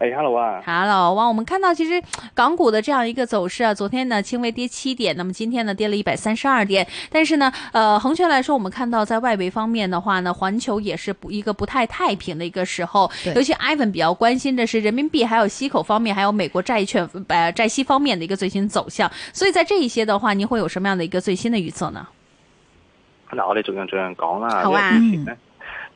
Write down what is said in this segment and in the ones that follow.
哎、hey，Hello，啊。Hello，哇。我們看到，其實港股的這樣一個走勢啊，昨天呢輕微跌七點，那麼今天呢跌了一百三十二點。但是呢，呃，橫拳來說，我們看到在外圍方面的話呢，環球也是不一個不太太平的一個時候。尤其 Ivan 比較關心的是人民幣，還有息口方面，還有美國債券呃債息方面的一個最新走向。所以在這一些的話，你會有什麼樣的一個最新的預測呢？那我哋逐樣逐樣講啦，因為之前呢，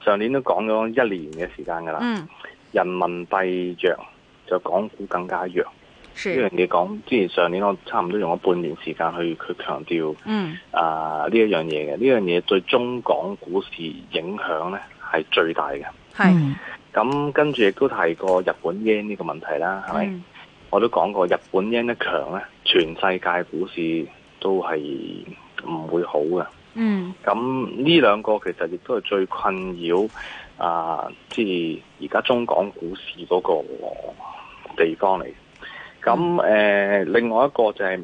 上年都講咗一年嘅時間㗎喇。嗯人民幣弱，就港股更加弱。呢樣嘢講，之前上年我差唔多用咗半年時間去去強調，啊呢一樣嘢嘅呢樣嘢對中港股市影響咧係最大嘅。係，咁跟住亦都提過日本 yen 呢個問題啦，係咪？嗯。我都講過日本 yen 一強咧，全世界股市都係唔會好嘅。嗯，咁呢兩個其實亦都係最困擾。啊，即係而家中港股市嗰個地方嚟，咁誒、嗯呃，另外一個就係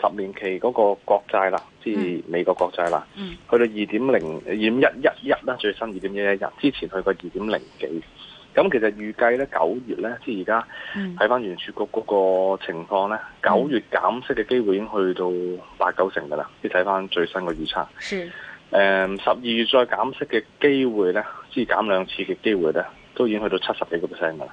十年期嗰個國債啦，即、嗯、係美國國債啦、嗯，去到二點零二點一一一啦，最新二點一一一，之前去過二點零幾，咁其實預計咧九月咧，即係而家睇翻聯儲局嗰個情況咧，九、嗯、月減息嘅機會已經去到八九成噶啦，要睇翻最新嘅預測。是，誒、嗯，十二月再減息嘅機會咧。之減兩次嘅機會咧，都已經去到七十幾個 percent 啦。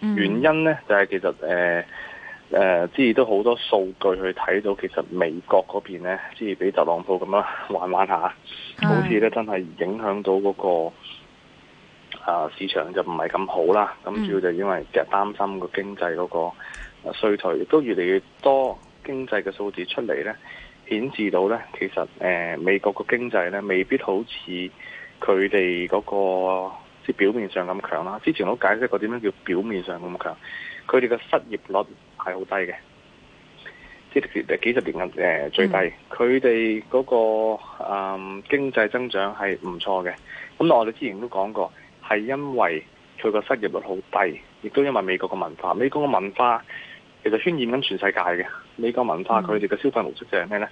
原因咧就係、是、其實誒誒，之、呃呃、都好多數據去睇到，其實美國嗰邊咧，之俾特朗普咁樣，玩玩下，好似咧真係影響到嗰、嗰個啊市場就唔係咁好啦。咁主要就因為其實擔心嗰個經濟嗰個衰退，亦都越嚟越多經濟嘅數字出嚟咧，顯示到咧其實誒、呃、美國個經濟咧未必好似。佢哋嗰個即係表面上咁強啦、啊，之前我解釋過點樣叫表面上咁強。佢哋嘅失業率係好低嘅，即係幾十年嘅最低。佢哋嗰個誒、嗯、經濟增長係唔錯嘅。咁我哋之前都講過，係因為佢個失業率好低，亦都因為美國嘅文化。美國嘅文化其實渲染緊全世界嘅美國文化，佢哋嘅消費模式就係咩呢？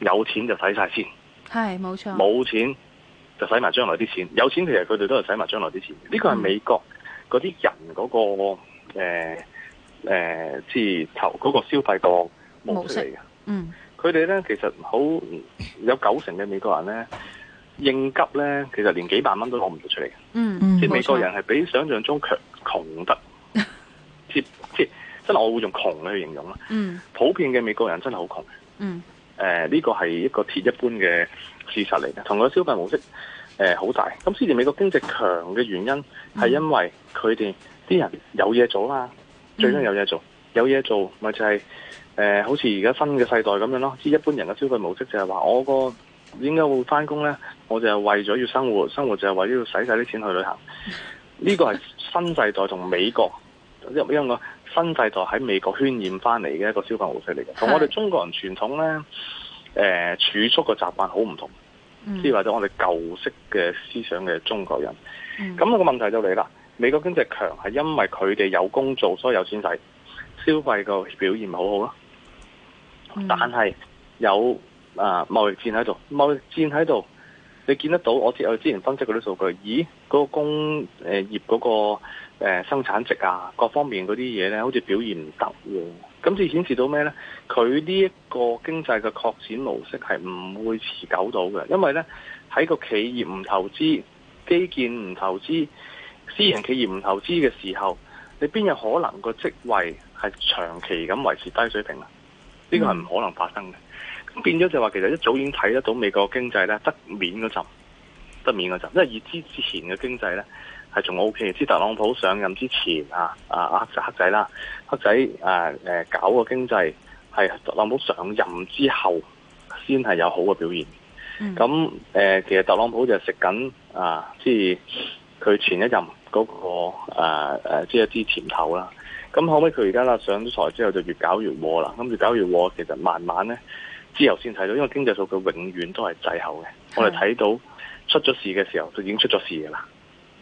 有錢就使晒先，係冇錯，冇錢，就使埋將來啲錢，有錢其實佢哋都係使埋將來啲錢。呢個係美國嗰啲人嗰、嗰個誒誒，即係投嗰個消費個模式嚟嘅。嗯，佢哋咧其實好有九成嘅美國人咧應急咧，其實連幾百蚊都攞唔到出嚟、嗯。嗯，即係美國人係比想象中窮窮得，嗯、即即，即真係我會用窮去形容啦。嗯，普遍嘅美國人真係好窮。嗯。誒、呃、呢，這個係一個鐵一般嘅事實嚟嘅，同個消費模式誒好、呃、大。咁先至美國經濟強嘅原因係因為佢哋啲人有嘢做啦、啊嗯，最緊要有嘢做，有嘢做咪就係、是、誒、呃，好似而家新嘅世代咁樣咯。即係一般人嘅消費模式就係話我個點解會返工咧？我就係為咗要生活，生活就係為咗要使晒啲錢去旅行。呢，這個係新世代同美國有啲個分制度喺美國渲染翻嚟嘅一個消費模式嚟嘅，同我哋中國人傳統咧，誒、呃、儲蓄嘅習慣好唔同，即、嗯、係或者我哋舊式嘅思想嘅中國人。咁、嗯，那個問題就嚟啦，美國經濟強係因為佢哋有工做，所以有錢使，消費個表現好好咯、嗯。但係有誒貿易戰喺度，貿易戰喺度。你見得到我有之前分析嗰啲數據，咦？嗰個工誒業嗰個生產值啊，各方面嗰啲嘢咧，好似表現唔得喎。咁至顯示到咩咧？佢呢一個經濟嘅擴展模式係唔會持久到嘅，因為咧喺個企業唔投資、基建唔投資、私人企業唔投資嘅時候，你邊有可能個職位係長期咁維持低水平啊？呢個係唔可能發生嘅。嗯變咗就話，其實一早已經睇得到美國經濟咧得面嗰陣，得面嗰陣，因為以之之前嘅經濟咧係仲 O K，可以知特朗普上任之前啊，啊黑仔啦，黑仔誒誒搞個經濟係特朗普上任之後先係有好嘅表現。咁、嗯、誒、呃，其實特朗普就食緊啊，即係佢前一任嗰、那個誒誒，即係一啲甜頭啦。咁後尾，佢而家啦上咗台之後，就越搞越禍啦。咁越搞越禍，其實慢慢咧。之後先睇到，因為經濟數據永遠都係滯後嘅。我哋睇到出咗事嘅時候，就已經出咗事嘅啦。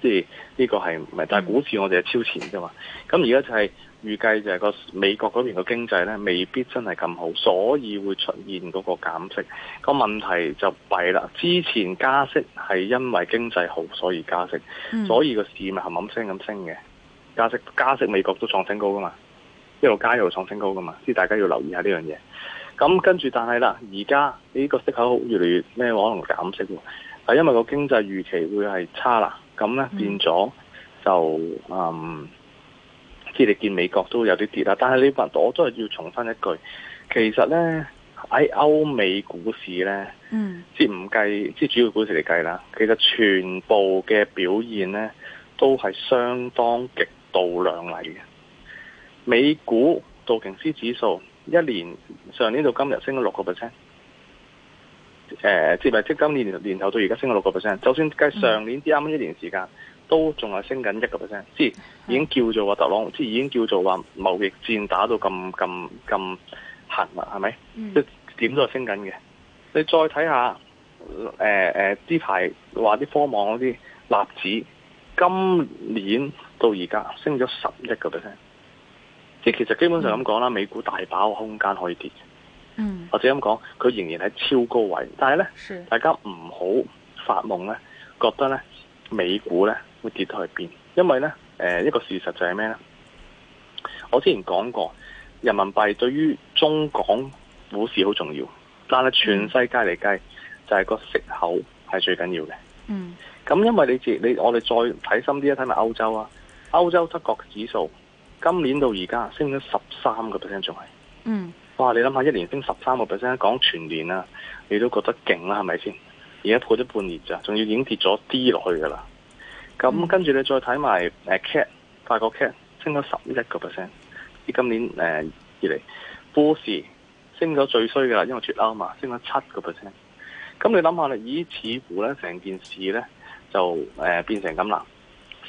即係呢個係唔係？但係股市我哋係超前啫嘛。咁而家就係預計就係個美國嗰邊個經濟咧未必真係咁好，所以會出現嗰個減息。個問題就弊啦。之前加息係因為經濟好所以加息，嗯、所以個市咪冚冚聲咁升嘅。加息加息，美國都創新高噶嘛？一路加油創新高噶嘛？即係大家要留意下呢樣嘢。咁跟住，但係啦，而家呢個息口越嚟越咩，可能減息喎，因為個經濟預期會係差啦。咁咧變咗就嗯，即係你見美國都有啲跌啦。但係你問我都係要重申一句，其實咧，喺歐美股市咧、嗯，嗯，即係唔計即係主要股市嚟計啦，其實全部嘅表現咧都係相當極度量嚟嘅。美股道瓊斯指數。一年上年到今日升咗六個 percent，誒，即係話即今年年頭到而家升咗六個 percent，就算計上年啱啱，嗯、一年時間都仲係升緊一個 percent，即係已經叫做話特朗普、嗯，即係已經叫做話貿易戰打到咁咁咁狠啦，係咪？即係點都係升緊嘅。你再睇下，誒、呃、誒，呢排話啲科網嗰啲納指，今年到而家升咗十一個 percent。其實基本上咁講啦，美股大把空間可以跌，嗯，或者咁講，佢仍然喺超高位，但係咧，大家唔好發夢咧，覺得咧美股咧會跌到去邊？因為咧，誒、呃、一個事實就係咩咧？我之前講過，人民幣對於中港股市好重要，但係全世界嚟計、嗯、就係、是、個息口係最緊要嘅，嗯。咁因為你接你，我哋再睇深啲一睇埋歐洲啊，歐洲德國指數。今年到而家升咗十三個 percent，仲係嗯，哇！你諗下，一年升十三個 percent，講全年啊，你都覺得勁啦，係咪先？而家破咗半年咋，仲要已經跌咗啲落去噶啦。咁、嗯、跟住你再睇埋誒 cat，法國 cat 升咗十一個 percent，今年誒以嚟，波士升咗最衰噶啦，因為脱歐啊嘛，升咗七個 percent。咁你諗下啦，咦？似乎咧成件事咧就誒、呃、變成咁啦。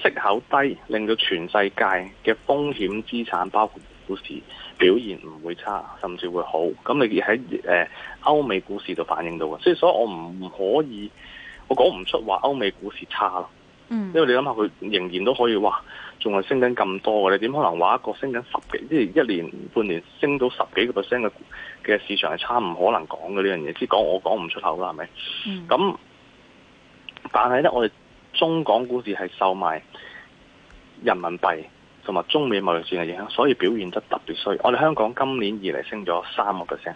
息口低令到全世界嘅風險資產，包括股市表現唔會差，甚至會好。咁你而喺誒歐美股市度反映到嘅，即係所以我唔可以，我講唔出話歐美股市差咯。嗯，因為你諗下佢仍然都可以，哇，仲係升緊咁多嘅，你點可能話一個升緊十幾，即係一年半年升到十幾個 percent 嘅嘅市場係差唔可能講嘅呢樣嘢，即係講我講唔出口啦，係咪？咁、嗯、但係咧，我哋。中港股市係受埋人民幣同埋中美貿易戰嘅影響，所以表現得特別衰。我哋香港今年以嚟升咗三個 percent，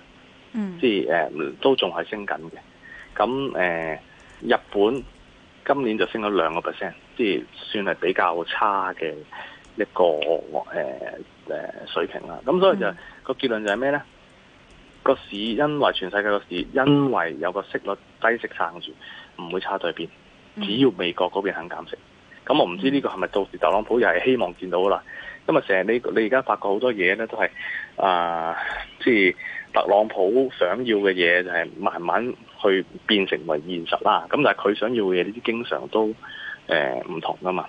即係、呃、都仲係升緊嘅。咁誒、呃、日本今年就升咗兩個 percent，即係算係比較差嘅一個誒誒、呃、水平啦。咁所以就個、嗯、結論就係咩呢？個市因為全世界個市因為有個息率低息撐住，唔會差對邊。只要美國嗰邊肯減息，咁我唔知呢個係咪到時特朗普又係希望見到啦。咁啊，成日你你而家發覺好多嘢咧都係啊，即、呃、係、就是、特朗普想要嘅嘢就係慢慢去變成為現實啦。咁但係佢想要嘅嘢呢啲經常都誒唔、呃、同噶嘛。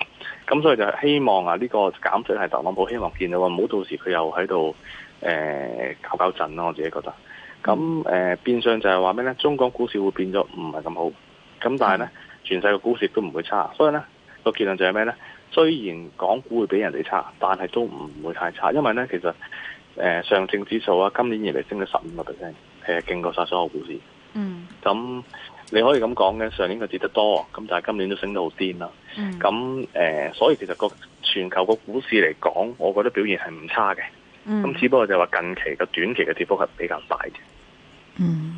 咁所以就希望啊，呢個減息係特朗普希望見到啊，唔好到時佢又喺度誒搞搞震咯。我自己覺得。咁誒、呃、變相就係話咩咧？中港股市會變咗唔係咁好。咁但係咧。嗯全世界個股市都唔會差，所以呢個結論就係咩呢？雖然港股會比人哋差，但係都唔會太差，因為呢其實、呃、上證指數啊，今年以嚟升咗十五個 percent，係勁過曬所有股市。嗯，咁你可以咁講嘅，上年佢跌得多，咁但係今年都升到好癲啦。咁、嗯、誒、呃，所以其實個全球個股市嚟講，我覺得表現係唔差嘅。咁、嗯、只不過就話近期嘅短期嘅跌幅係比較大嘅。嗯。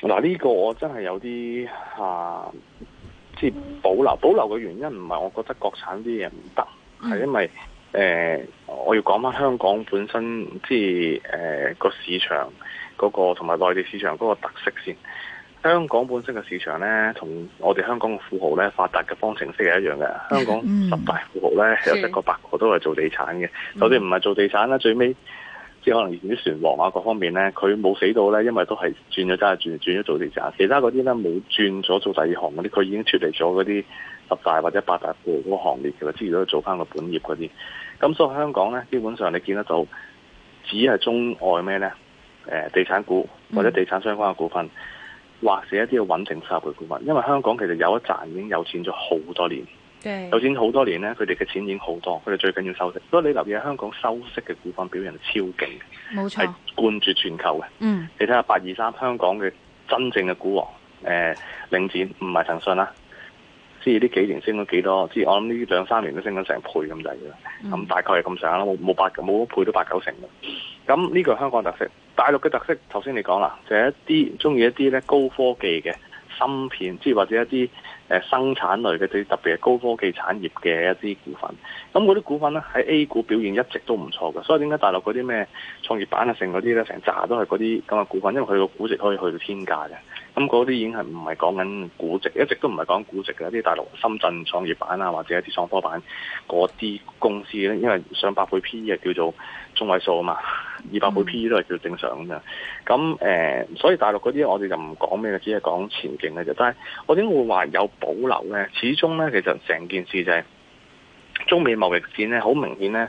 嗱、這、呢個我真係有啲嚇，即、啊、係保留保留嘅原因唔係我覺得國產啲嘢唔得，係、嗯、因為誒、呃、我要講翻香港本身即係誒個市場嗰、那個同埋內地市場嗰個特色先。香港本身嘅市場咧，同我哋香港嘅富豪咧發達嘅方程式係一樣嘅。香港十大富豪咧、嗯、有七個八個都係做地產嘅，首先唔係做地產啦，最尾。有可能以前啲船王啊，各方面咧，佢冇死到咧，因為都係轉咗，揸，轉轉咗做地產。其他嗰啲咧冇轉咗做第二行嗰啲，佢已經脫離咗嗰啲十大或者八大股嗰個行列，其實之前都做翻個本業嗰啲。咁所以香港咧，基本上你見得到，只係中外咩咧？誒，地產股或者地產相關嘅股份，或者一啲嘅穩定收入股份，因為香港其實有一賺已經有錢咗好多年。對有錢好多年咧，佢哋嘅錢已經好多，佢哋最緊要收息。所以你留意香港收息嘅股份表現超勁，冇錯，冠絕全球嘅。嗯，你睇下八二三香港嘅真正嘅股王，誒、呃、領展唔係騰訊啦，即係呢幾年升咗幾多？即係我諗呢兩三年都升咗成倍咁滯嘅，咁、嗯、大概係咁上下冇冇八冇一倍都八九成啦，咁呢個香港特色，大陸嘅特色，頭先你講啦，就係、是、一啲中意一啲咧高科技嘅芯片，即係或者一啲。誒生產類嘅最特別係高科技產業嘅一啲股份，咁嗰啲股份咧喺 A 股表現一直都唔錯嘅，所以點解大陸嗰啲咩創業板啊成嗰啲咧，成扎都係嗰啲咁嘅股份，因為佢個估值可以去到天價嘅。咁嗰啲已經係唔係講緊估值，一直都唔係講估值嘅，一啲大陸深圳創業板啊，或者一啲創科板嗰啲公司咧，因為上百倍 PE 叫做中位數啊嘛，二百倍 PE 都係叫做正常㗎。咁誒、呃，所以大陸嗰啲我哋就唔講咩嘅，只係講前景嘅啫。但係我點會話有保留咧？始終咧，其實成件事就係中美貿易戰咧，好明顯咧，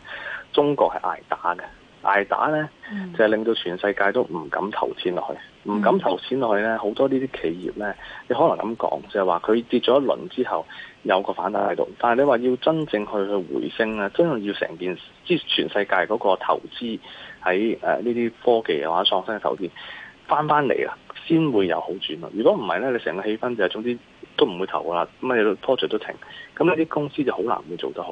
中國係捱打嘅，捱打咧就係、是、令到全世界都唔敢投錢落去。唔敢投錢落去咧，好多呢啲企業咧，你可能咁講，就係話佢跌咗一輪之後有個反彈喺度，但係你話要真正去去回升咧，真係要成件即係全世界嗰個投資喺誒呢啲科技嘅話創新嘅投資翻翻嚟啊，先會有好轉啊！如果唔係咧，你成個氣氛就係總之都唔會投啦，咁啊 project 都停，咁呢啲公司就好難會做得好。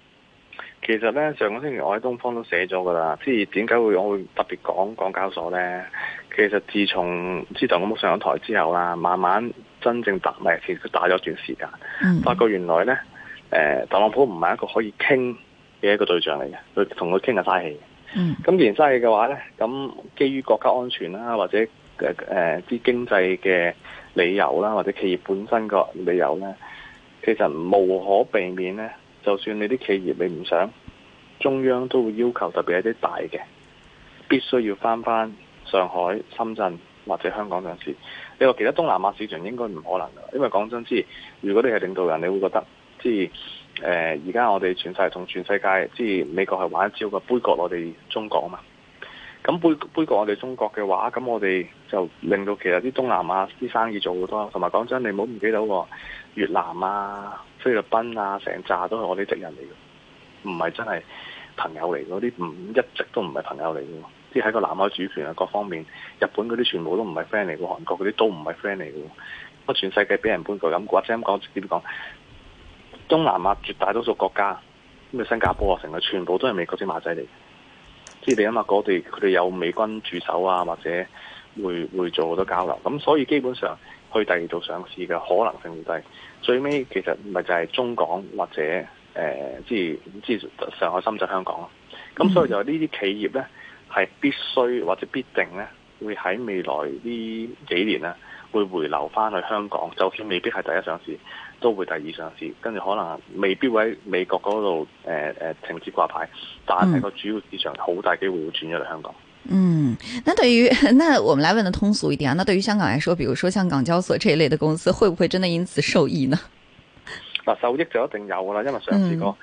其實咧，上個星期我喺東方都寫咗噶啦，即係點解會我會特別講港交所咧？其實自從特朗普上台之後啦，慢慢真正打埋前，其實佢打咗一段時間，嗯、發覺，原來咧，誒特朗普唔係一個可以傾嘅一個對象嚟嘅，佢同佢傾係嘥氣。咁而嘥氣嘅話咧，咁基於國家安全啦，或者誒誒啲經濟嘅理由啦，或者企業本身個理由咧，其實無可避免咧。就算你啲企業你唔想，中央都會要求，特別一啲大嘅必須要翻翻上海、深圳或者香港上市。你話其他東南亞市場應該唔可能，因為講真之，如果你係領導人，你會覺得即係而家我哋全世界同全世界即係美國係玩一招嘅杯葛，我哋中國啊嘛。咁杯葛我哋中國嘅話，咁我哋就令到其實啲東南亞啲生意做好多，同埋講真，你唔好唔記得喎，越南啊。菲律賓啊，成扎都係我哋敵人嚟嘅，唔係真係朋友嚟。嗰啲唔一直都唔係朋友嚟嘅，即係喺個南海主權啊各方面，日本嗰啲全部都唔係 friend 嚟嘅，韓國嗰啲都唔係 friend 嚟嘅。我全世界俾人搬過咁或者咁講直接講，東南亞絕大多數國家，咩新加坡啊，成日全部都係美國啲馬仔嚟。即係你諗下嗰地佢哋有美軍駐守啊，或者會會做好多交流。咁所以基本上去第二度上市嘅可能性唔低。最尾其實咪就係中港或者誒，即係即係上海、深圳、香港咯。咁所以就呢啲企業呢，係必須或者必定呢，會喺未來呢幾年呢，會回流翻去香港。就算未必係第一上市，都會第二上市。跟住可能未必會喺美國嗰度誒誒，停止掛牌，但係個主要市場好大機會會轉咗去香港。嗯，那對於，那我們來問得通俗一點，那對於香港來說，比如說像港交所這一類的公司，會不會真的因此受益呢？嗱，受益就一定有啦，因為上次個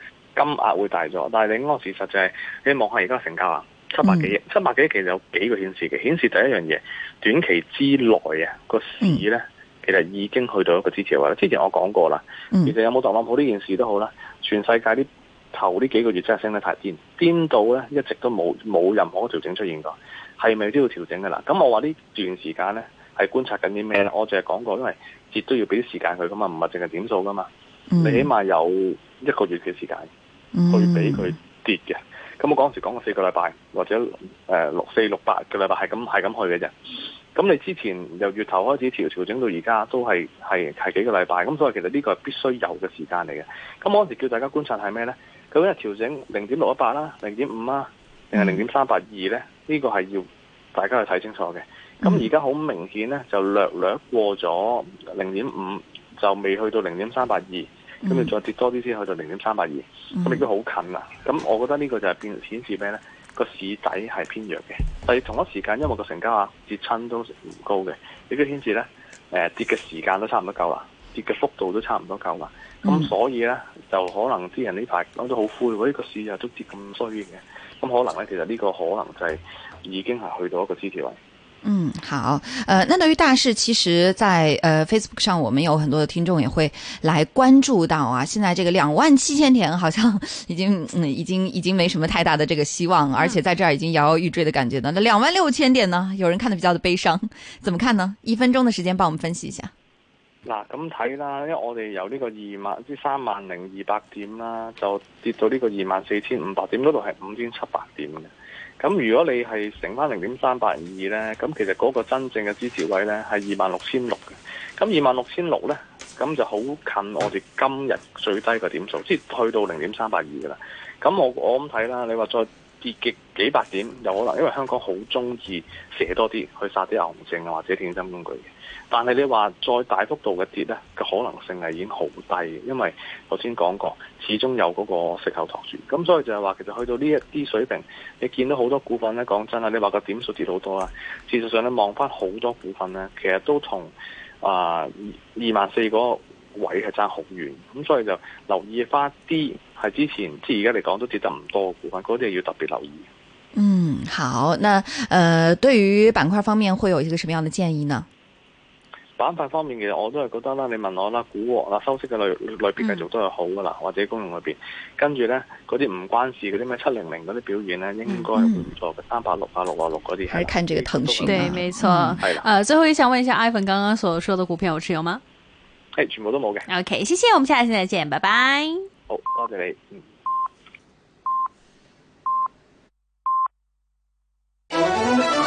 金額會大咗，嗯，但係另外個事實就係，是，你望下而家成交啊，七百幾億，嗯，七百幾億其實有幾個顯示嘅，顯示第一樣嘢，短期之內啊個市呢，嗯，其實已經去到了一個支持位啦。之前我講過啦，嗯，其實有冇特朗普呢件事都好啦，全世界啲。頭呢幾個月真係升得太癲，癲到咧一直都冇冇任何調整出現過，係咪都要調整噶啦？咁我話呢段時間咧係觀察緊啲咩咧？我淨係講過，因為跌都要俾啲時間佢噶嘛，唔係淨係點數噶嘛、嗯，你起碼有一個月嘅時間、嗯、去俾佢跌嘅。咁我嗰陣時講過四個禮拜或者誒六、呃、四六八個禮拜係咁係咁去嘅啫。咁你之前由月頭開始調調整到而家都係係係幾個禮拜，咁所以其實呢個係必須有嘅時間嚟嘅。咁我當時叫大家觀察係咩呢？究竟係調整零點六一八啦、零點五啦，定係零點三八二呢？呢、mm。個係要大家去睇清楚嘅。咁而家好明顯呢，就略略過咗零點五，就未去到零點三八二，咁你再跌多啲先去到零點三八二，咁亦都好近啦。咁我覺得呢個就係變顯示咩呢？個市底係偏弱嘅，但係同一時間，因為個成交啊跌親都唔高嘅，亦都顯示咧，誒跌嘅時間都差唔多夠啦，跌嘅幅度都差唔多夠啦，咁所以咧就可能啲人呢排諗咗好灰喎，呢、呢個市又都跌咁衰嘅，咁可能咧其實呢個可能就係已經係去到一個支持位。嗯，好，呃，那對於大勢，其實在呃 Facebook 上，我們有很多的聽眾也會來關注到啊。現在這個兩萬七千點好像已經嗯，已經已經沒什麼太大的這個希望，而且在這兒已經搖搖欲墜的感覺呢、嗯。那兩萬六千點呢，有人看的比較的悲傷，怎麼看呢？一分鐘的時間幫我們分析一下。嗱，咁睇啦，因為我哋由呢個二萬即三萬零二百點啦，就跌到呢個二萬四千五百點嗰度，係五千七百點嘅。咁如果你係乘翻零點三八二呢，咁其實嗰個真正嘅支持位呢係二萬六千六嘅。咁二萬六千六呢，咁就好近我哋今日最低個點數，即係去到零點三八二嘅啦。咁我我咁睇啦，你話再，跌極幾百點有可能，因為香港好中意寫多啲去殺啲牛熊證啊，或者衍生工具嘅。但係你話再大幅度嘅跌咧，個可能性係已經好低嘅，因為頭先講過，始終有嗰個息口托住。咁所以就係話，其實去到呢一啲水平，你見到好多股份咧，講真啊，你話個點數跌好多啊，事實上你望翻好多股份咧，其實都同啊二萬四嗰，呃位係爭好遠，咁所以就留意翻啲係之前，即係而家嚟講都跌得唔多嘅股份，嗰啲要特別留意。嗯，好，那誒、呃，對於板塊方面會有一個什麼樣嘅建議呢？板塊方面其實我都係覺得啦，你問我啦，股王啦，收息嘅類類別繼續都係好噶啦、嗯，或者公用裏邊，跟住咧嗰啲唔關事嗰啲咩七零零嗰啲表現咧，應該係唔錯嘅。三百六啊六啊六嗰啲係。睇緊這個騰訊，對，沒錯。誒、嗯啊，最後亦想問一下，Ivan 剛剛所說的股票有持有嗎？全部都冇嘅。OK，謝謝，我哋下次再見，拜拜。好多謝你，嗯。